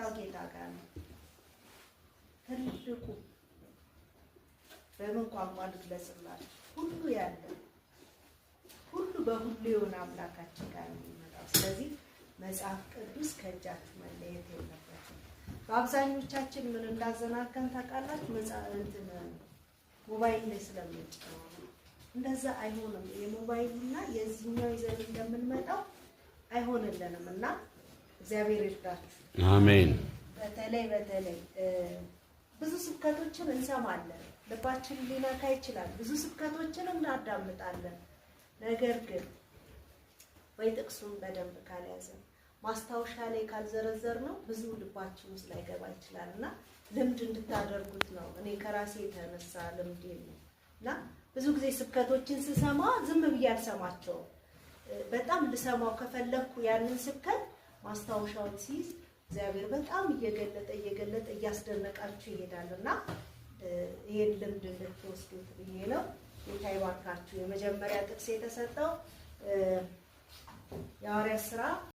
ጣው ጌታ ጋር ነው ትልቁ በምን ቋንቋ ልትለጽላችሁ ሁሉ ያለ ሁሉ በሁሉ የሆነ አምላካችን ጋር ነው የሚመጣው። ስለዚህ መጽሐፍ ቅዱስ ከእጃችሁ መለየት የለበትም። በአብዛኞቻችን ምን እንዳዘናጋን ታውቃላችሁ? እንትን ሞባይል ላይ ስለምንጭነው እንደዛ አይሆንም። የሞባይልና የዚህኛው ይዘን እንደምንመጣው አይሆንልንም እና እግዚአብሔር ይርዳችሁ። አሜን። በተለይ በተለይ ብዙ ስብከቶችን እንሰማለን፣ ልባችን ሊነካ ይችላል። ብዙ ስብከቶችን እናዳምጣለን። ነገር ግን ወይ ጥቅሱን በደንብ ካልያዘን ማስታወሻ ላይ ካልዘረዘር ነው ብዙ ልባችን ውስጥ ላይገባ ይችላል እና ልምድ እንድታደርጉት ነው። እኔ ከራሴ የተነሳ ልምድ ነው እና ብዙ ጊዜ ስብከቶችን ስሰማ ዝም ብዬ አልሰማቸውም። በጣም ልሰማው ከፈለግኩ ያንን ስብከት ማስታወሻውን ሲይዝ እግዚአብሔር በጣም እየገለጠ እየገለጠ እያስደነቃችሁ ይሄዳል እና ይህን ልምድ እንድትወስዱት ብዬ ነው። ጌታ ይባርካችሁ። የመጀመሪያ ጥቅስ የተሰጠው የሐዋርያት ስራ